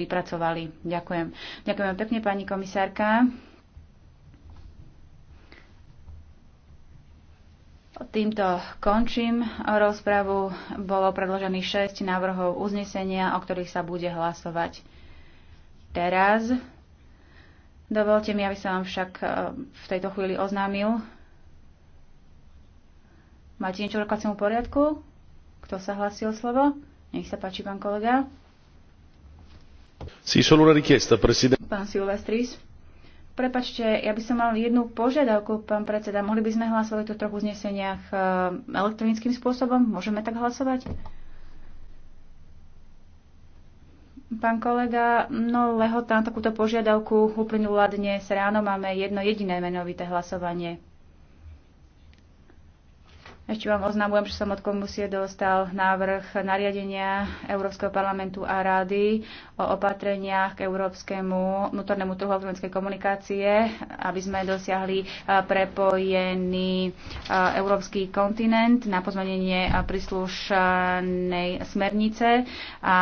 vypracovali. Ďakujem. Ďakujem pekne, pani komisárka. Týmto končím rozpravu. Bolo predložených 6 návrhov uznesenia, o ktorých sa bude hlasovať teraz. Dovolte mi, aby som vám však e, v tejto chvíli oznámil. Máte niečo v rokovacom poriadku? Kto sa hlasil slovo? Nech sa páči, pán kolega. Pán Silvestris. Prepačte, ja by som mal jednu požiadavku, pán predseda. Mohli by sme hlasovať o troch uzneseniach eh, elektronickým spôsobom? Môžeme tak hlasovať? Pán kolega, no lehota na takúto požiadavku uplynula dnes ráno. Máme jedno jediné menovité hlasovanie. Ešte vám oznamujem, že som od komisie dostal návrh nariadenia Európskeho parlamentu a rády o opatreniach k európskemu vnútornému trhu elektronickej komunikácie, aby sme dosiahli e, prepojený e, európsky kontinent na pozmenenie e, príslušnej smernice a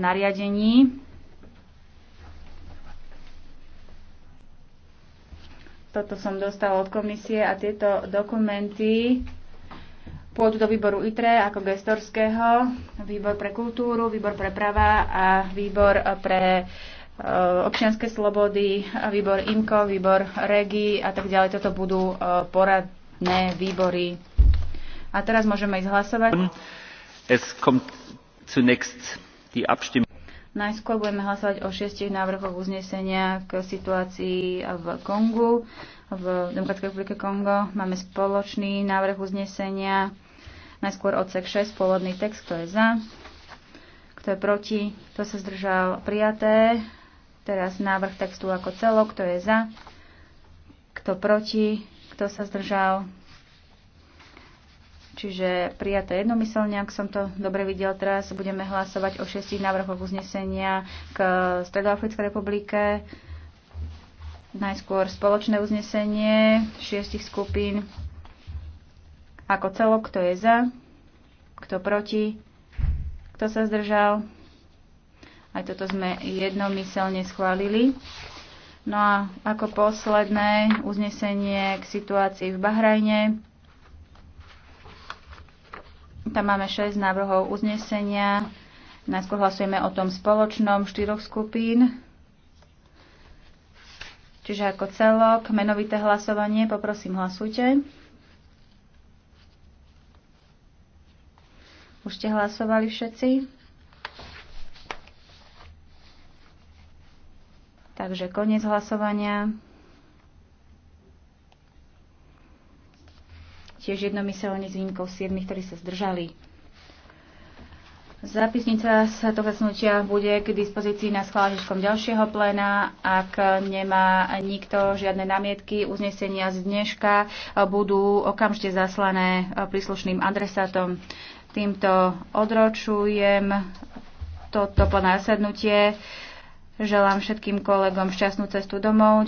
nariadení. Toto som dostala od komisie a tieto dokumenty pôjdu do výboru ITRE ako gestorského, výbor pre kultúru, výbor pre práva a výbor pre e, občianske slobody, výbor IMKO, výbor REGI a tak ďalej. Toto budú e, poradné výbory. A teraz môžeme ísť hlasovať. Es kommt zunächst die Abstimmung. Najskôr budeme hlasovať o šiestich návrhoch uznesenia k situácii v Kongu, v Demokratickej republike Kongo. Máme spoločný návrh uznesenia, najskôr odsek 6, pôvodný text, kto je za, kto je proti, kto sa zdržal prijaté. Teraz návrh textu ako celok, kto je za, kto proti, kto sa zdržal Čiže prijaté jednomyselne, ak som to dobre videl teraz, budeme hlasovať o šestich návrhoch uznesenia k Stredoafrickej republike. Najskôr spoločné uznesenie šiestich skupín ako celok, kto je za, kto proti, kto sa zdržal. Aj toto sme jednomyselne schválili. No a ako posledné uznesenie k situácii v Bahrajne tam máme 6 návrhov uznesenia. Najskôr hlasujeme o tom spoločnom štyroch skupín. Čiže ako celok, menovité hlasovanie, poprosím hlasujte. Už ste hlasovali všetci? Takže koniec hlasovania. tiež jednomyselne s výnimkou 7, ktorí sa zdržali. Zápisnica sa toho snutia bude k dispozícii na schváležičkom ďalšieho pléna. Ak nemá nikto žiadne namietky, uznesenia z dneška budú okamžite zaslané príslušným adresátom. Týmto odročujem toto plné sednutie. Želám všetkým kolegom šťastnú cestu domov.